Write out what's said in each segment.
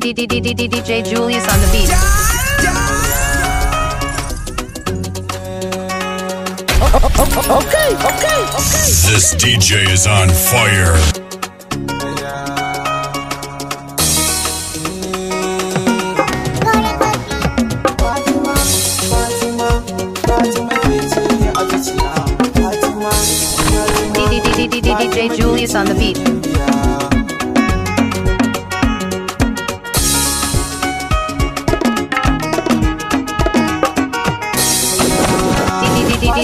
DJ Julius on the beat. Okay, okay, okay. This DJ is on fire. DJ Julius on the beat.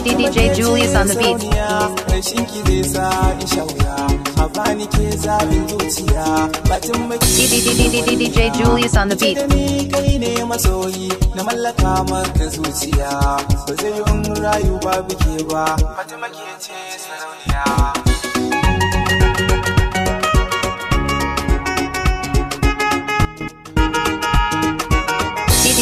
lady DJ Julius on the beat. DJ Julius on the beat. Na mallaka maka zuciya ba zai yi rayu babu ba, mata make ce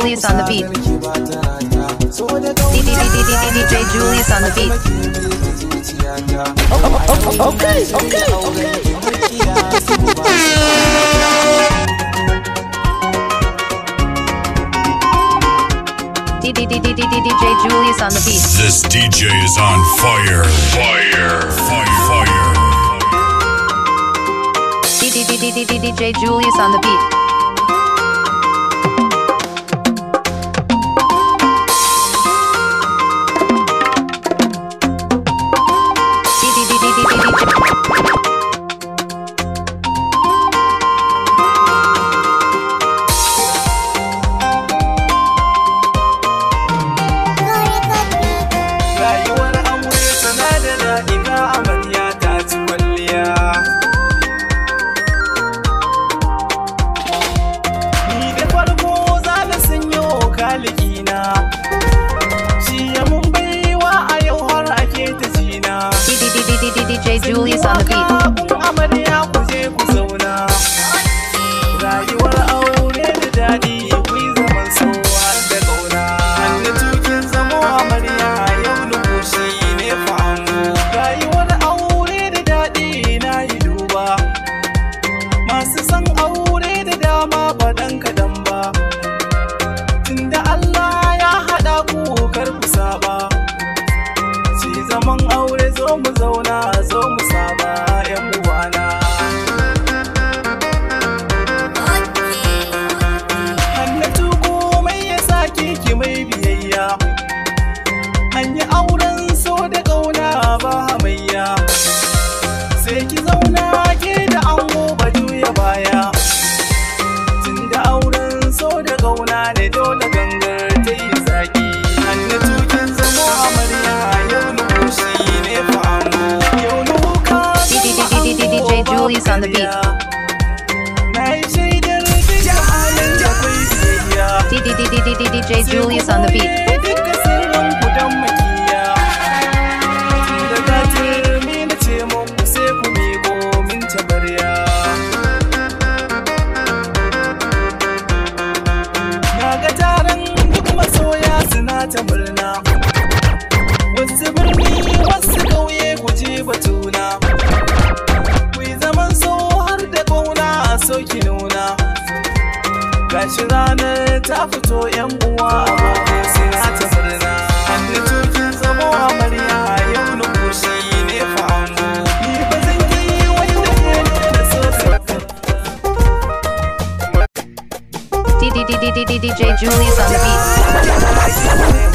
Julius on the beat. DJ Julius on the beat. Okay, okay, okay. DJ Julius on the beat. This DJ is on fire, fire, fire, fire. DJ Julius on the beat. ne dole gangar ta yi zaki hannu tukin a amarya yau na kusi ne fa'amu yau na wuka DJ DJ on the beat. DJ Julius on the beat.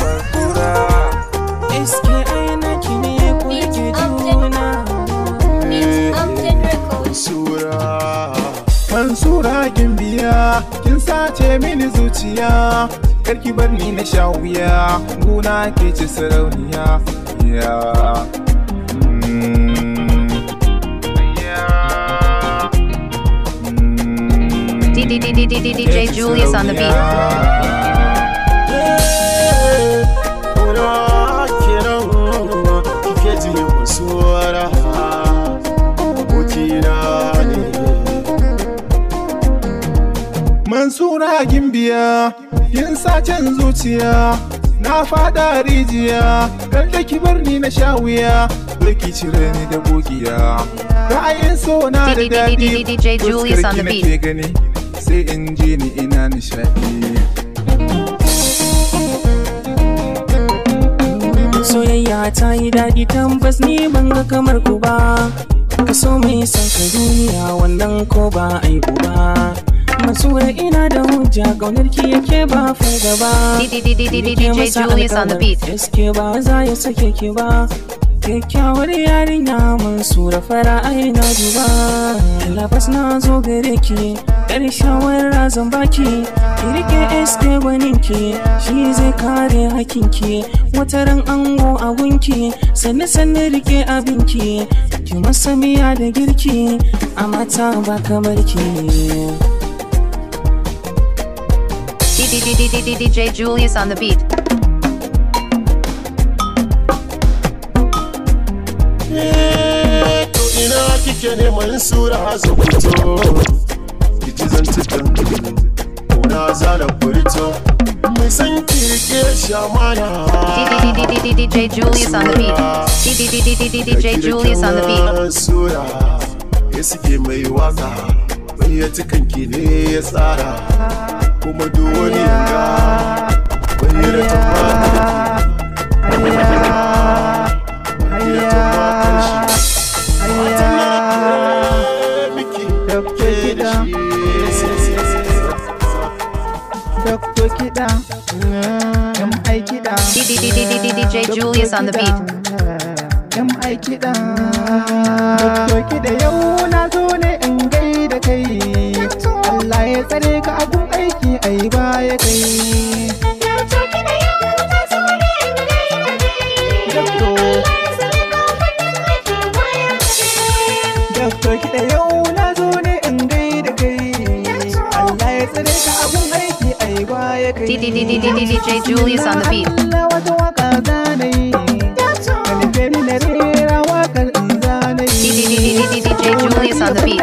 Mansura kin biya, kin sace mini zuciya, karki bar ni na sha wuya, gona ke sarauniya. DJ Julius on the beat. Mansura gimbiya, yin sacen zuciya, na fada rijiya, kar da kibar ni na sha wuya, laki cire ni da Ra'ayin so na da daɗi, gani, sai in ji ni ina nishaɗi. soyayya ta yi daɗi tambas ni ban ga kamar ku ba ka so mai san ka duniya wannan ko ba aibu ba Masura ina da hujja gaunar ki yake ba fargaba DJ Julius on the beat Gaske ba za ya sake ki ba kyakkyawar yarinya mun sura fara aina na duba labas na zo gare ki yar shawara zan baki ki sk gwaninki shi zai kare hakinki wataran ango a gunki sanne sanne rike abinki ki masa da girki a mata ba kamar ki DJ Julius on the beat. to ina kike neman sura su fito ki ci zantukan kuna zana furto mai san kirke shamana DJ Julius on the beat DJ Julius on the beat sura ya suke mai waka wani ya tukanki ne ya tsara kuma duk wani yanga wani ya rata Dokto kiɗa Dokto kiɗa MI kiɗa DJ Julius on the beat MI kiɗa Dokto kiɗa yau na zo ne in gaida kai Allah ya tsare ka abun aiki ai baya kai DJ Julius on the beat. DJ Julius on the beat.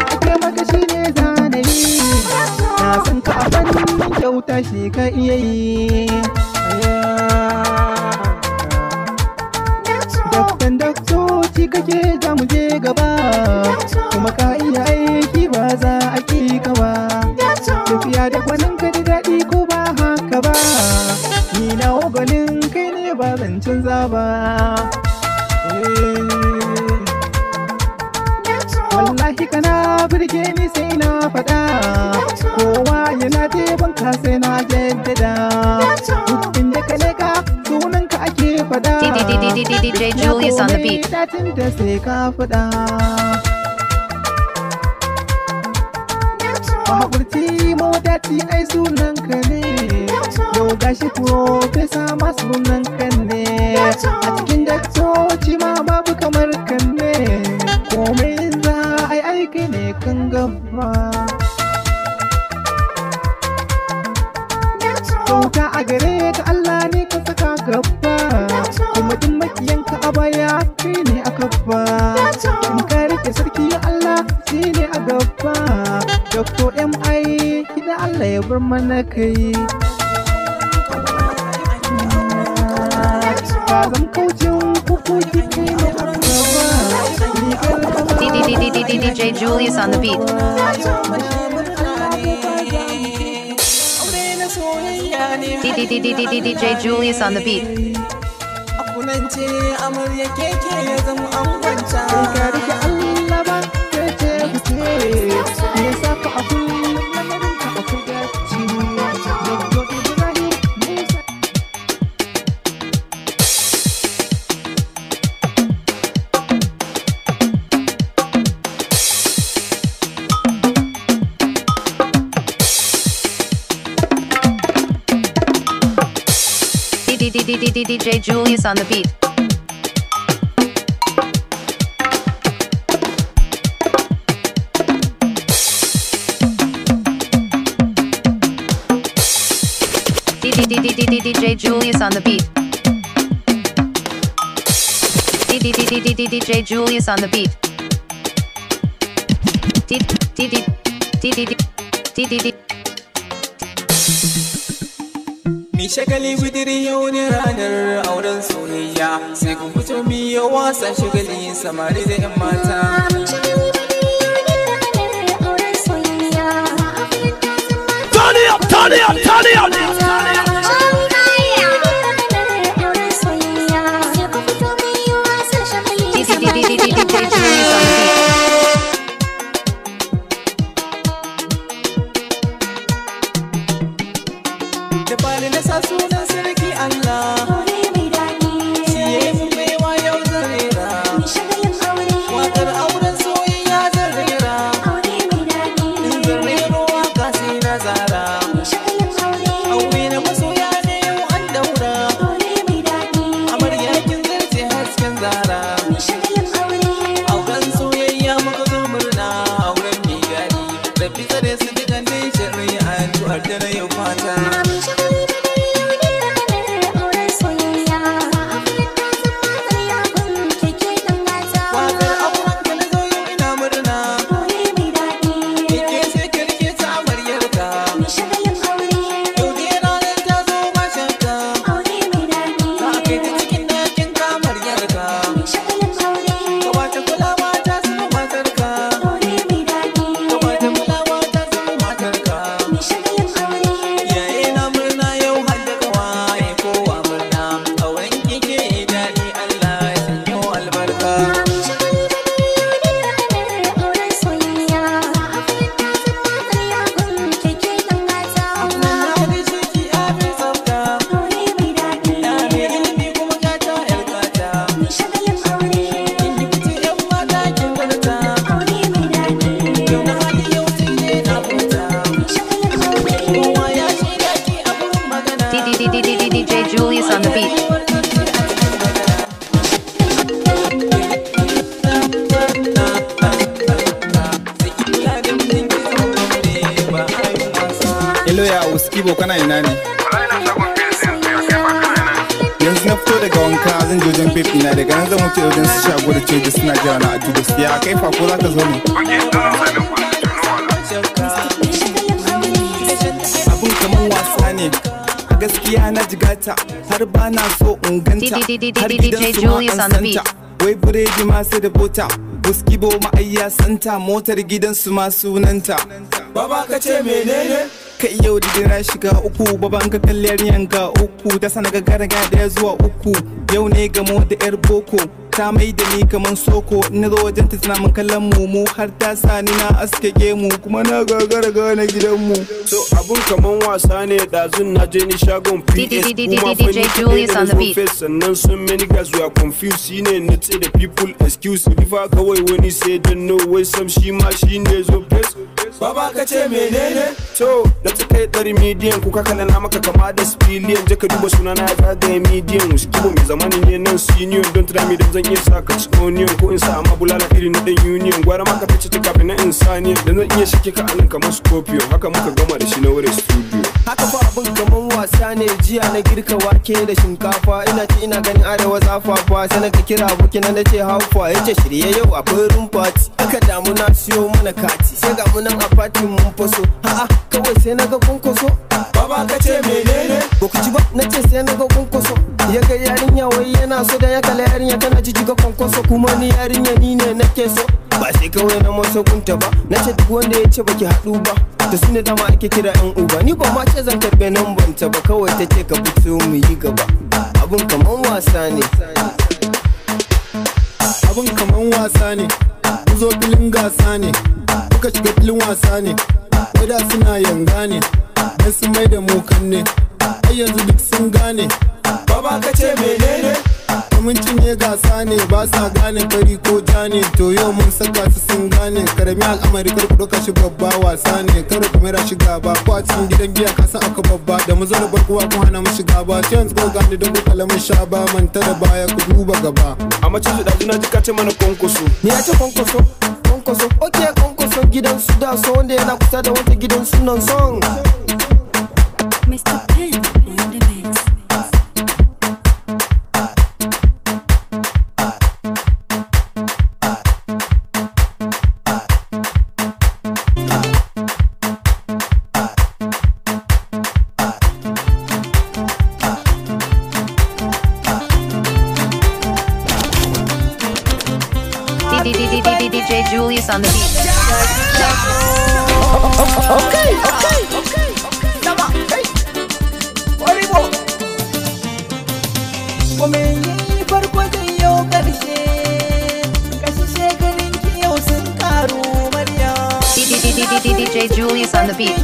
Daktan je gaba birge ni sai na faɗa kowa yana teban ka sai na jaddada duk inda ka leka sunan ka ake faɗa DJ Julius datin da sai ka faɗa Mahaƙurci mawadaci ai sunan ka ne yau gashi profesa ma sunan ka ne a cikin daktoci ma babu kamar kan ne komai ne kan gaba Kauta a gare ka Allah ne ka saka gaba Kuma duk makiyanka a baya kai ne a gaba In ka rike sarki Allah shi ne a gaba Dokto MI kida Allah ya bar mana kai Ka zan kauce kuku kai ne a gaba Ni DJ Julius on the beat. DJ Julius on the beat. I'm a ya zama an DJ Julius on the beat. DJ Julius on the beat. DJ Julius on the beat. DJ Julius on the beat. Ni shagali budiri yau ne ranar auren soyayya sai ku fito mi wasa shagali samari da 'yan mata. Turn it up, turn it up, turn it up, turn up. DJ Julius on Wai buredi ma sai da bota, buski bo ma santa motar gidansu ma sunanta. Baba ka ce menene? Kai yau da jira shiga uku, baban ka kalli ga uku, ta sana ga daya zuwa uku, yau ne gamo da yar boko, ta mai da ni kaman soko na zo wajen ta tana min kallon mu har ta sa ni na aske gemu kuma na gagara gane gidan mu so abun kaman wasa ne dazun na je ni shagon PS kuma fani Julius on the beat sannan sun many guys we are confused shine na ce da people excuse river kawai wani sai don no wai some shi ma shine zo face baba ka ce menene to da ta kai dari medium ku kana na maka kama da spillion je ka duba sunana ya zagaye medium shi kibo mai zamani ne nan senior don tunami don zan sa ka ci onion ko in sa amma bulala iri na dan union gwara maka fice ta kafin na insaniya da zan iya shike ka anan kamar scorpio haka muka gama da shi na wurin studio haka fa abin kaman wasa ne jiya na girka wake da shinkafa ina ci ina ganin arewa zafafa sai na kira abokina na ce haufa yace shirye yau a farin party aka damu na siyo mana kati sai ga munan a fatin mun faso a'a kawai sai na ga kunkoso baba ka ce menene ko ku ci ba na ce sai na ga kunkoso ya ga yarinya wai yana so da ya kala yarinya tana jijjiga kwankwaso kuma ni yarinya ni ne nake so ba sai kawai na maso kunta ba na ce duk wanda ya ce baki haɗu ba ta sune dama ake kira yan uba ni ba ma ce zan karɓe nan banta ba kawai ta ce ka fito mu yi gaba abun kaman wasa ne abun kaman wasa ne zo filin gasa ne kuka shiga filin wasa ne da suna yanga ne dan sun mai da mu ne ai yanzu duk sun gane baba ka ce menene mun cinye gasa ne ba sa gane fari ko ja ne to yau mun saka su sun gane karami al'amari kar ku doka shi babba wasa ne kar ku mera shiga ba kwa cikin gidan giya ka san aka babba da mu zara barkuwa ku hana mu shiga ba sai yanzu ko gane da ku kalamin sha ba manta da baya ku duba gaba a macin su dajuna ji ka ce mana kwankwaso me ya ce kwankwaso kwankwaso ok kwankwaso gidan su da so wanda yana kusa da wata gidan sunan song Mr. Penn. focus on the beat. Okay, okay, okay. Come on, hey. DJ Julius on the beat.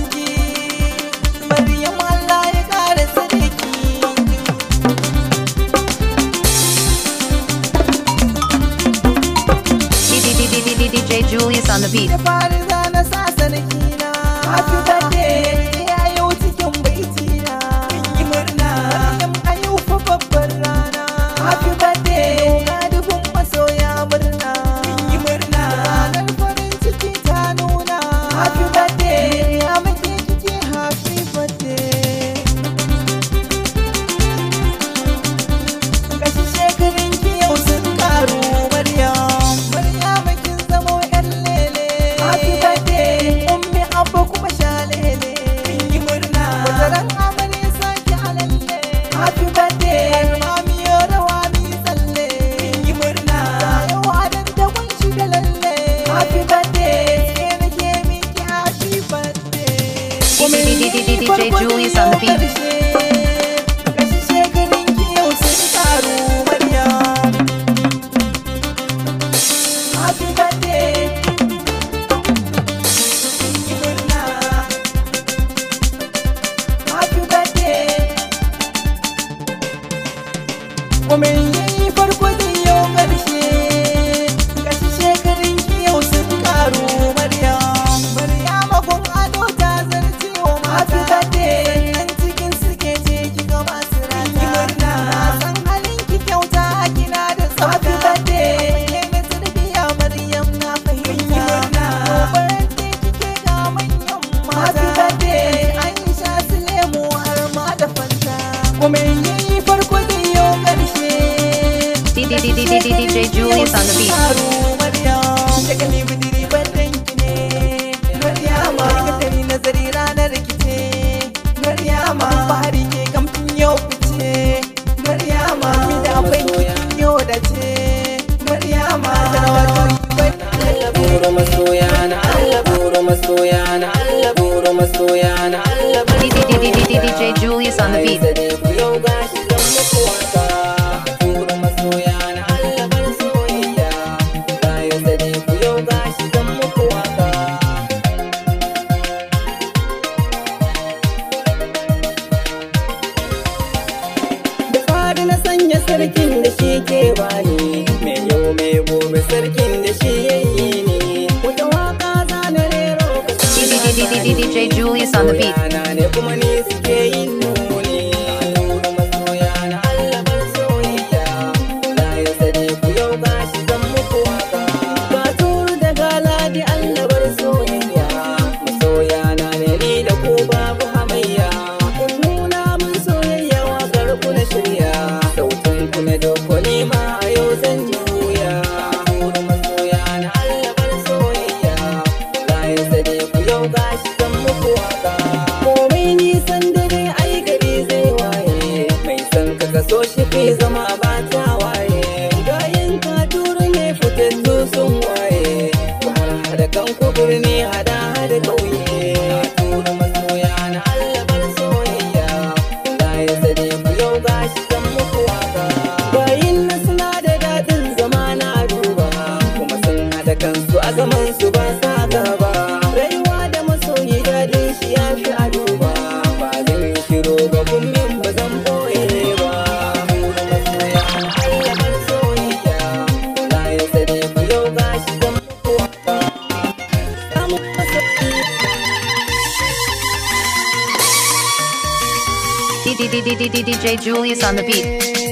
DJ Julius on the beat. on the beat. DJ Julius on the beat.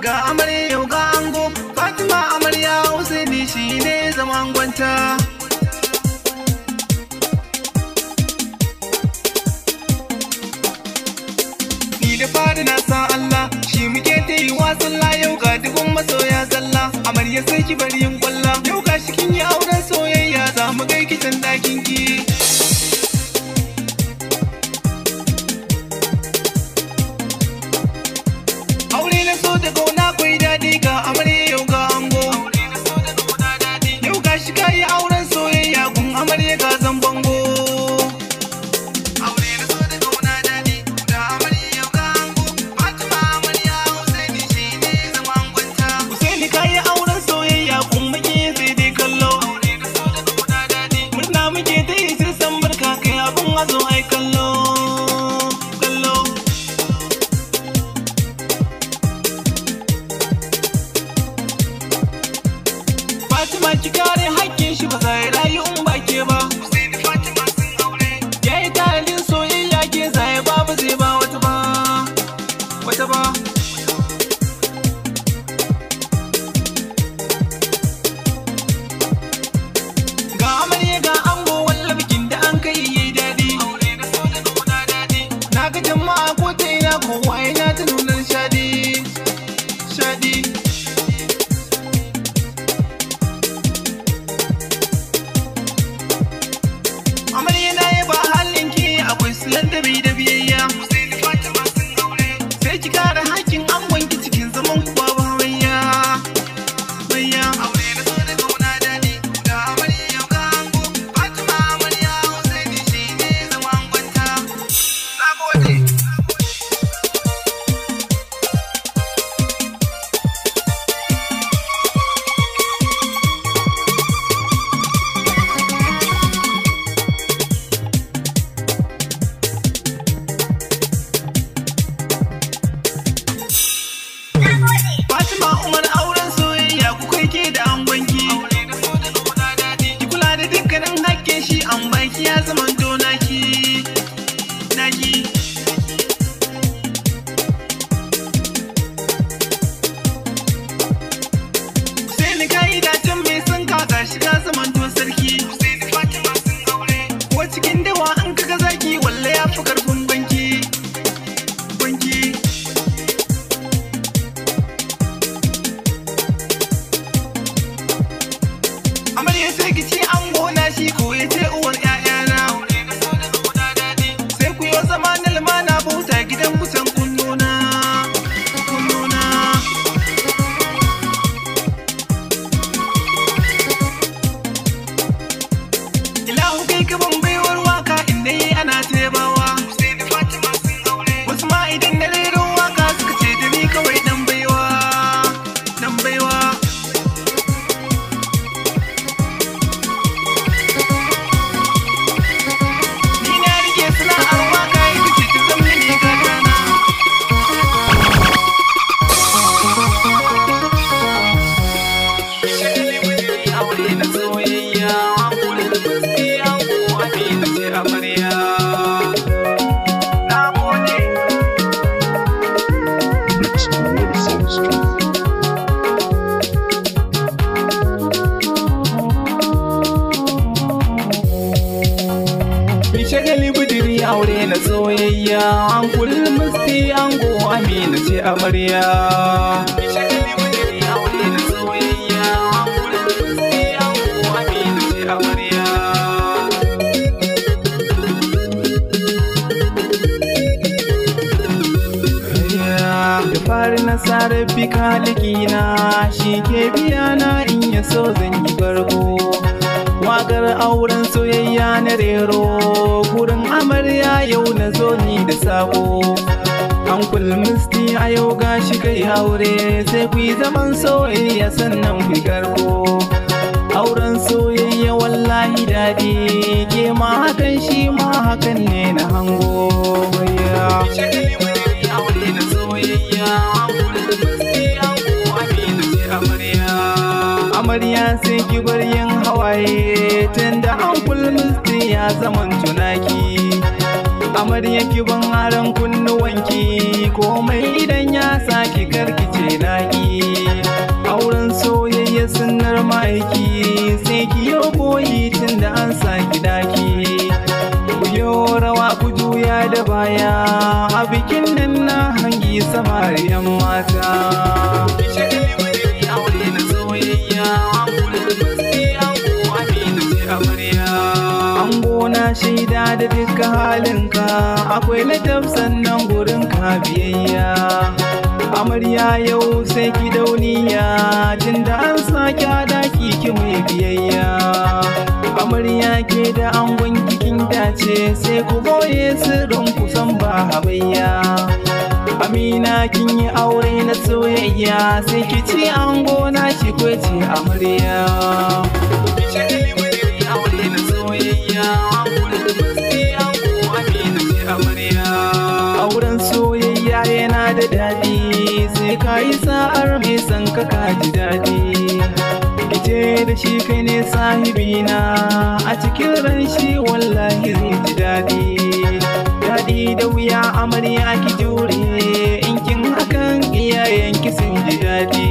ga amarya yau ga ango fatima amarya shi ne zaman gwanta ni da na san Allah shi muke ta yi wa sallah yau ga dubun masoya zalla amarya sai ki bari yin kwalla yau ga shi kin yi auren soyayya za mu gai kicin ɗakin ki some zambon aure na soyayya an kullum musti ango amina ce amarya da na sarrafi kalikina shi ke biya na in ya so zan yi barko Wagar auren soyayya na rero gurin amarya yau na zo ni da sako ankul musti a yau gashi kai aure sai ku zaman soyayya sannan ku garko auren soyayya wallahi daɗi ke ma hakan shi ma hakan ne na hango aure na amarya sai ki bar yin waye tunda an kulmusti ya zaman tunaki amarya ki ban haran kunnuwanki komai idan ya saki karkice naki auren soyayya sunnar maiki sai ki yi koyi tunda an saki daki ku yi rawa ku juya da baya a bikin nan na hangi samariyan mata Dukka halinka akwai ladab sannan gurin ka biyayya amarya yau sai ki dauniya jin da an sake daki ki mai biyayya amarya ke da angon kikin dace sai ku boye sirrin kusan ba habayya amina kin yi aure na soyayya sai ki ci an gona shi kwace amarya ka yi sa'ar mai san ka ka ji daɗi kice da shi kai ne sahibina a cikin ran shi wallahi zai ji daɗi daɗi da wuya amarya ki jure in kin hakan iyayen ki sun ji daɗi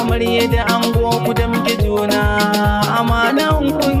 amarya da ango ku muke juna amana kun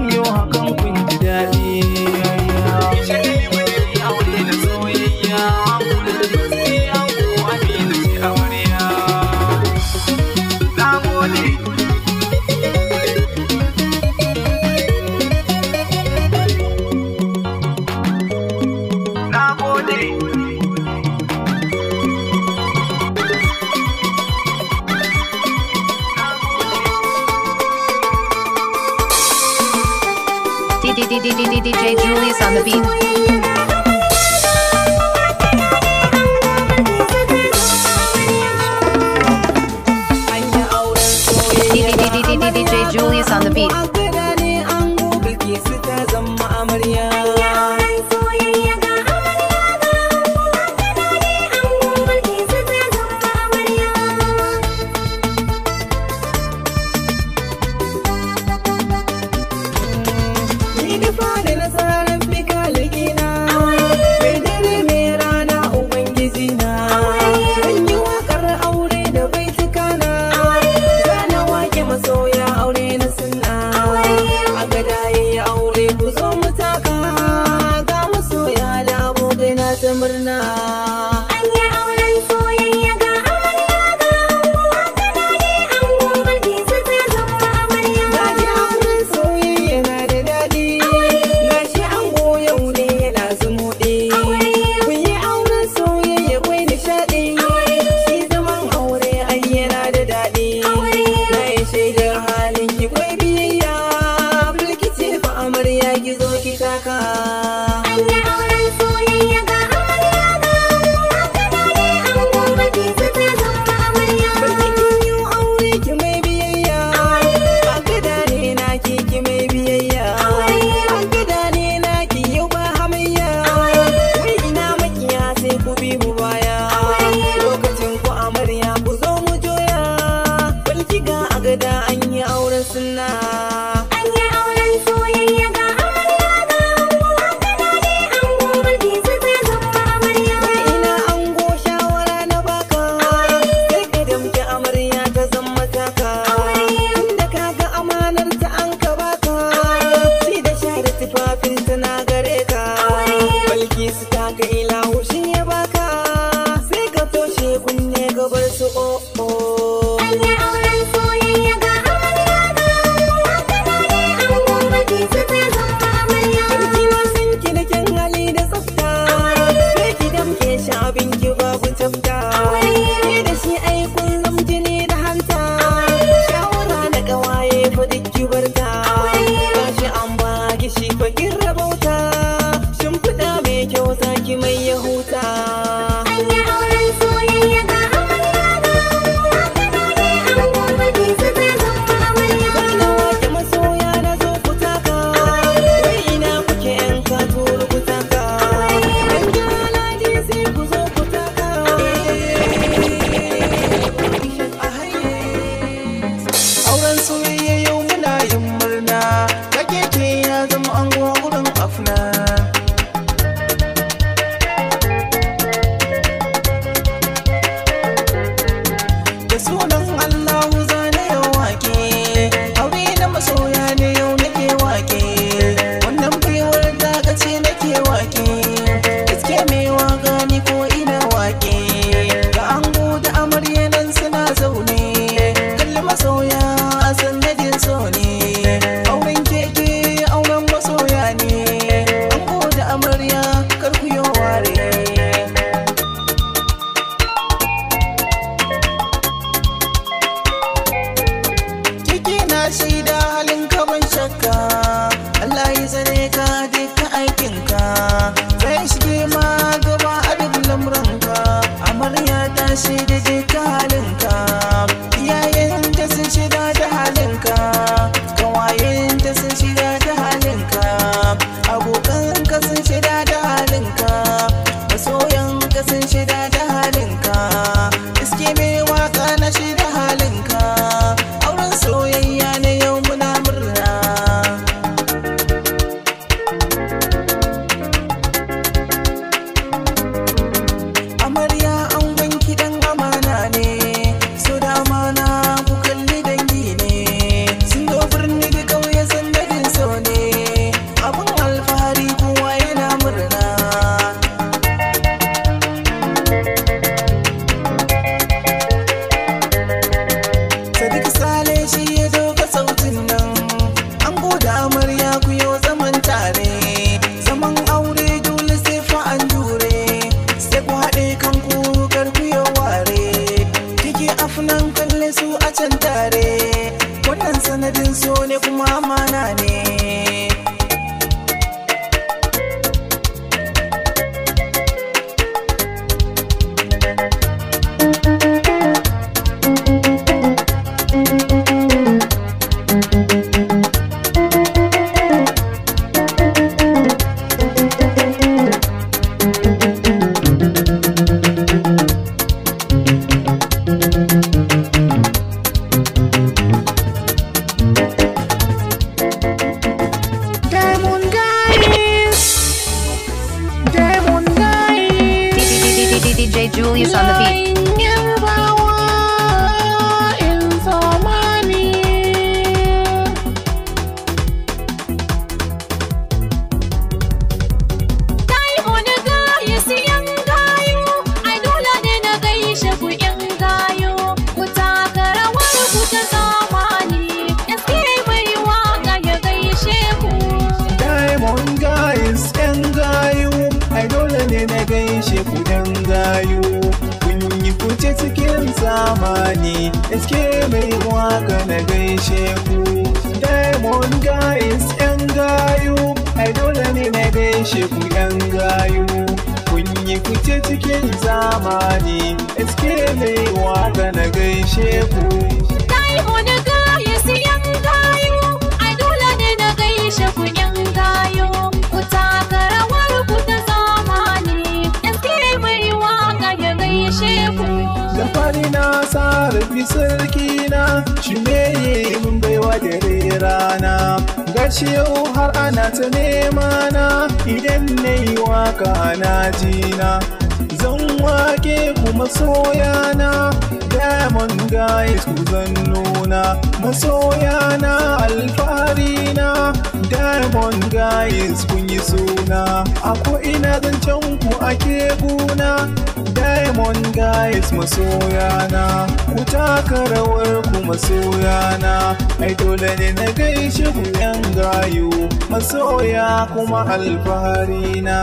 Julius on the beat. sunan Allah zamani SK mai waka na gaishe ku Kai wani gaya siyan gayo a dole ne na gaishe ku yan gayo ku taka rawar ku ta zamani SK mai waka ya gaishe ku Da fari na sa rafi sarki na shi yi mun baiwa dare rana gashi yau har ana ta nema na idan na yi waka na jina wake ku masoyana diamond guys ku zannuna masoyana alfarina diamond guys kun yi suna Akwai ina zancen ku ake guna diamond guys masoyana ku taka rawar ku masoyana ai dole ne na gaishe ku yan masoya kuma alfarina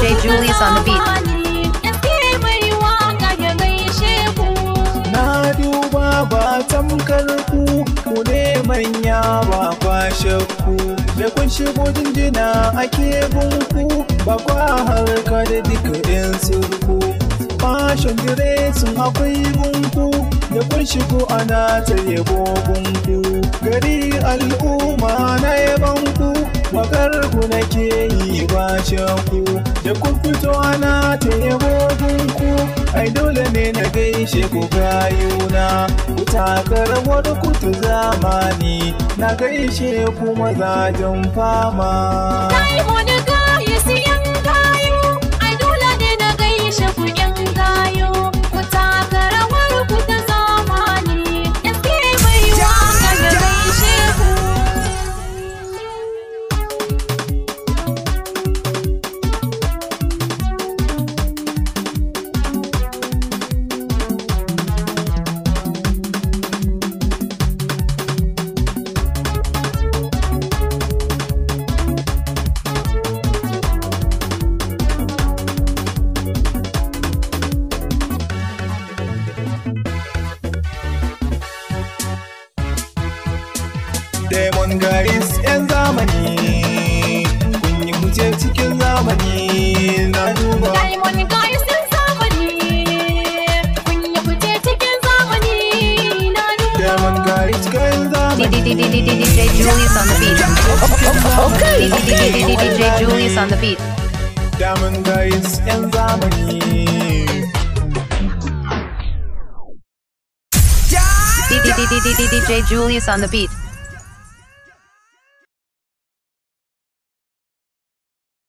DJ Julius on the beat. Na duba ba tamkar ku, ku ne manya ba kwashe ku. Da kun shigo jinjina ake bunku, ba kwa harka da duka 'yan sirku. Fashion diresin akwai gunku, da kun shigo ana ta yabo gunku. Gari al'umma na yabanku, Bakar ku nake yi bacin ku da kun fito ana ta yabo ku ai dole ne na gaishe ku gayuna ku takar wani kutu zamani na gaishe ku mazajen fama. on the beat.